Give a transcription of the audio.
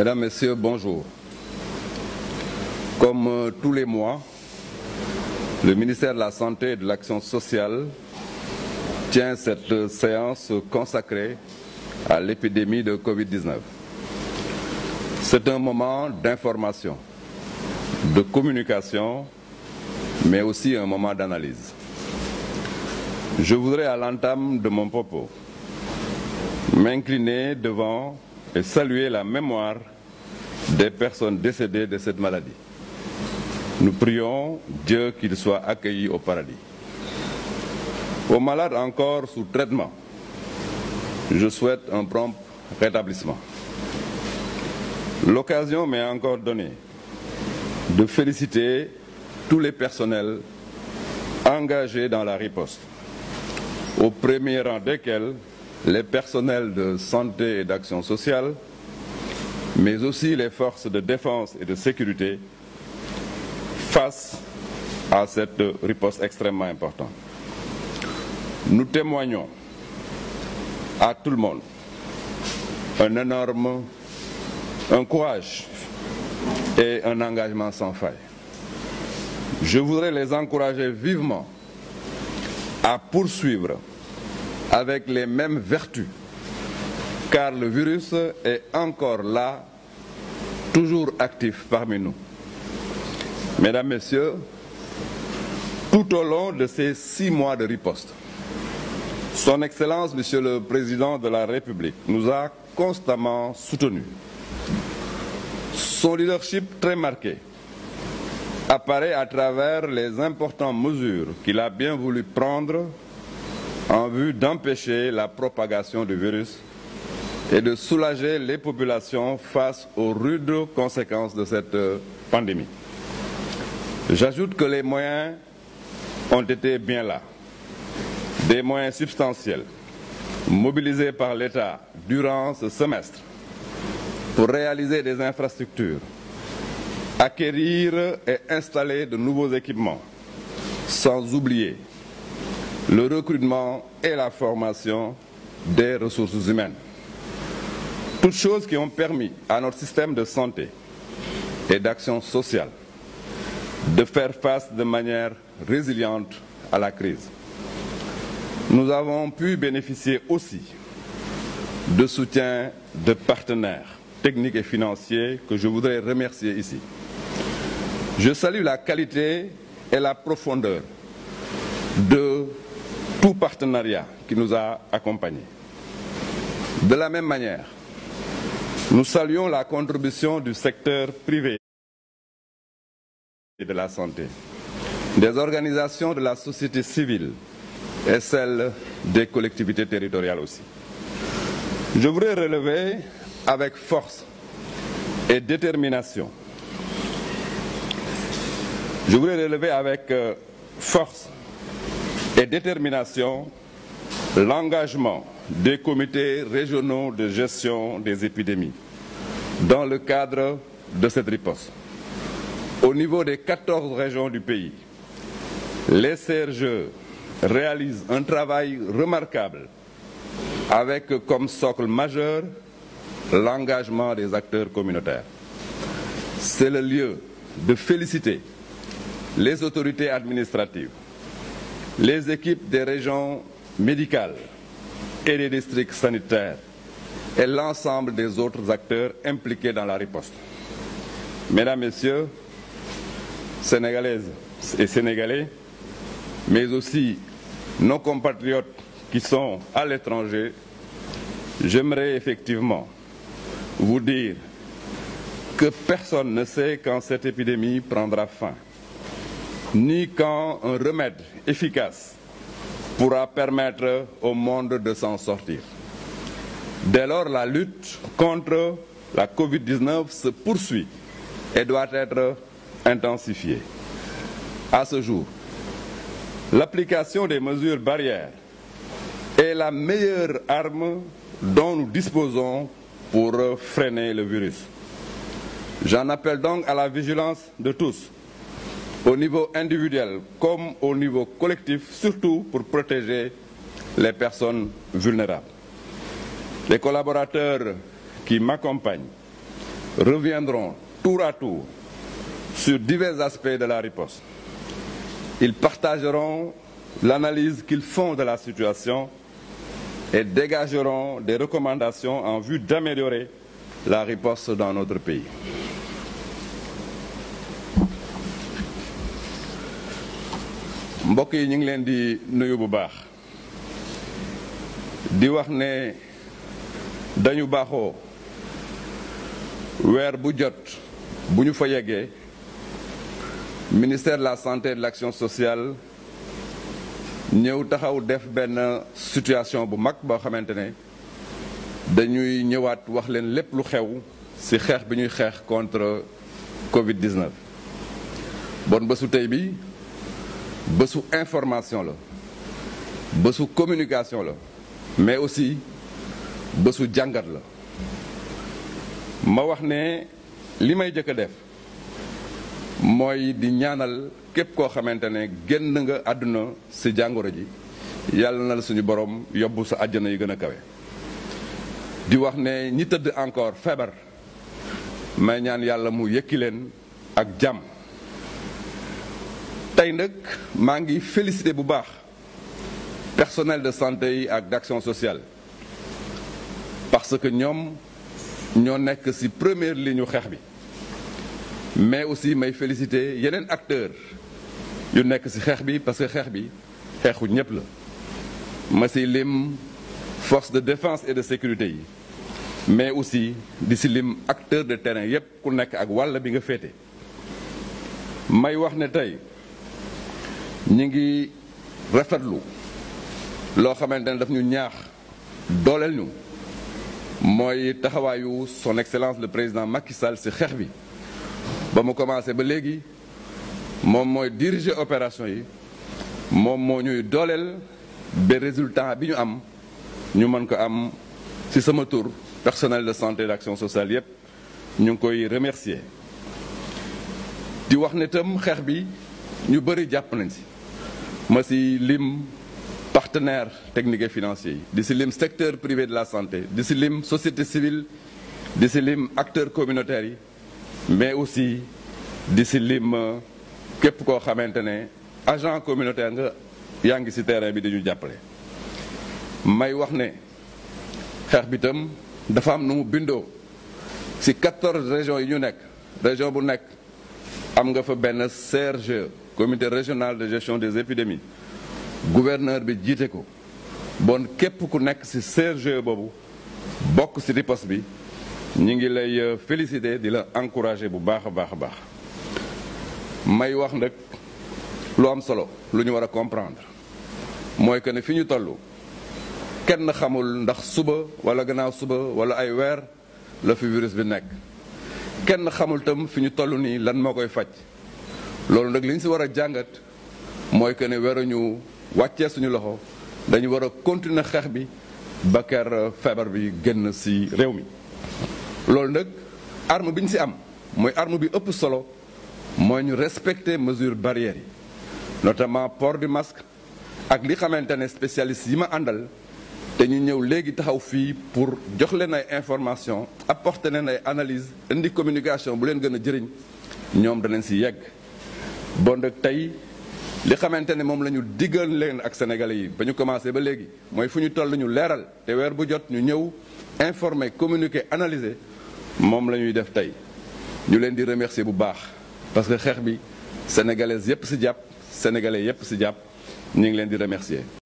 Mesdames, Messieurs, bonjour. Comme euh, tous les mois, le ministère de la Santé et de l'Action sociale tient cette séance consacrée à l'épidémie de Covid-19. C'est un moment d'information, de communication, mais aussi un moment d'analyse. Je voudrais, à l'entame de mon propos, m'incliner devant et saluer la mémoire des personnes décédées de cette maladie. Nous prions Dieu qu'il soit accueilli au paradis. Aux malades encore sous traitement, je souhaite un prompt rétablissement. L'occasion m'est encore donnée de féliciter tous les personnels engagés dans la riposte, au premier rang desquels les personnels de santé et d'action sociale, mais aussi les forces de défense et de sécurité face à cette riposte extrêmement importante. Nous témoignons à tout le monde un énorme, courage et un engagement sans faille. Je voudrais les encourager vivement à poursuivre avec les mêmes vertus, car le virus est encore là, toujours actif parmi nous. Mesdames, Messieurs, tout au long de ces six mois de riposte, Son Excellence, Monsieur le Président de la République, nous a constamment soutenus. Son leadership très marqué apparaît à travers les importantes mesures qu'il a bien voulu prendre en vue d'empêcher la propagation du virus et de soulager les populations face aux rudes conséquences de cette euh, pandémie. J'ajoute que les moyens ont été bien là, des moyens substantiels mobilisés par l'État durant ce semestre pour réaliser des infrastructures, acquérir et installer de nouveaux équipements, sans oublier le recrutement et la formation des ressources humaines. Toutes choses qui ont permis à notre système de santé et d'action sociale de faire face de manière résiliente à la crise. Nous avons pu bénéficier aussi de soutien de partenaires techniques et financiers que je voudrais remercier ici. Je salue la qualité et la profondeur de qui nous a accompagnés. De la même manière, nous saluons la contribution du secteur privé et de la santé, des organisations de la société civile et celles des collectivités territoriales aussi. Je voudrais relever avec force et détermination, je voudrais relever avec euh, force et détermination l'engagement des comités régionaux de gestion des épidémies dans le cadre de cette riposte. Au niveau des 14 régions du pays, les CRGE réalisent un travail remarquable avec comme socle majeur l'engagement des acteurs communautaires. C'est le lieu de féliciter les autorités administratives, les équipes des régions médicales et des districts sanitaires et l'ensemble des autres acteurs impliqués dans la riposte. Mesdames, Messieurs, Sénégalaises et Sénégalais, mais aussi nos compatriotes qui sont à l'étranger, j'aimerais effectivement vous dire que personne ne sait quand cette épidémie prendra fin ni quand un remède efficace pourra permettre au monde de s'en sortir. Dès lors, la lutte contre la Covid-19 se poursuit et doit être intensifiée. À ce jour, l'application des mesures barrières est la meilleure arme dont nous disposons pour freiner le virus. J'en appelle donc à la vigilance de tous au niveau individuel comme au niveau collectif, surtout pour protéger les personnes vulnérables. Les collaborateurs qui m'accompagnent reviendront tour à tour sur divers aspects de la riposte. Ils partageront l'analyse qu'ils font de la situation et dégageront des recommandations en vue d'améliorer la riposte dans notre pays. mbokk yi ñu ngi leen di nuyu bu baax di wax ne dañu baaxoo weer bu jot bu ñu fa yeggee ministère de la santé et de l'action sociale ñëw taxaw def benn situation bu mag boo xamante ne dañuy ñëwaat wax leen lépp lu xew ci xeex bi ñuy xeex contre Covid-19 bon ba su tey bi bésu information la bésu communication la mais aussi bésu jàngat la ma wax ne li may jëkk a def mooy di ñaanal képp koo xamante ne génn nga àdduna si jàngoro ji yàlla na la suñu borom yobbu sa aljana yi gëna kawé di wax né ñi tëdd encore feebar may ñaan Yalla mu yëkki ak jàmm tey mangi féliciter félicité personnel de santé et d'action sociale parce que nous sommes que ci première ligne xeex bi mais aussi may félicité les acteurs yu sommes ci xeex bi parce que xeex bi xeexu ñépp la ma force de défense et de sécurité mais aussi di ci lim acteurs de terrain yep ku nekk ak wàll bi nga Je may wax ñu ngi rafetlu loo xamante daf ñu ñaax dolel ñu moy taxawayu son excellence le président Macky Sall ci xeex bi ba mu commencé ba légui mom moy diriger opération yi mom mo ñuy dolel be résultat bi ñu am ñu mën ko am ci sama tour personnel de santé d'action sociale yépp ñu ngi koy remercier di wax ne tam xeex bi ñu bari japp nañ ci mais c'est lim partenaires techniques et financier, de lim secteur privé de la santé de lim société civile di lim acteurs communautaires mais aussi de lim agent communautaire nga a été terrain bi dañu jàppale may wax régions yi ñu région bu nekk am nga comité régional de gestion des épidémies gouverneur bi jiite ko bon képp ku nekk ci CRGE boobu bokk ci riposte bi ngi lay euh, féliciter di la encourager bu baax a baax a baax may wax nag lu am solo lu ñu war comprendre Moi, que ne fi ñu toll kenn xamul ndax suba wala gannaaw suba wala ay wèr le virus bi nek kenn xamul tam fiñu tollu ni lan mo koy fajj loolu nak liñ ci wara jangat moy que ne waruñu wàccee suñu loxo dañu wara continuer xex bi ba ker bi genn ci réew mi. loolu nak arme biñ ci am moy arme bi ëpp solo moy ñu respecter mesure barrière, notamment port du masque ak li xamantene ne spécialistes yi ma andal te ñu ñëw légui taxaw fi pour jox leen ay information apporter leen ay analyse indi communication bu leen gëna jëriñ ñom ñoom leen ci yegg bon nag tey li xamantene mom lañu la ñu leen ak sénégalais yi bañu ñu commencé ba légui moy fuñu ñu toll ñu leeral te weer bu jot ñu ñëw informer communiquer analyser mom lañuy def tay ñu leen di remercier bu baax parce que xex bi sénégalaises yépp ci japp sénégalais yépp ci japp ñu ngi leen di remercier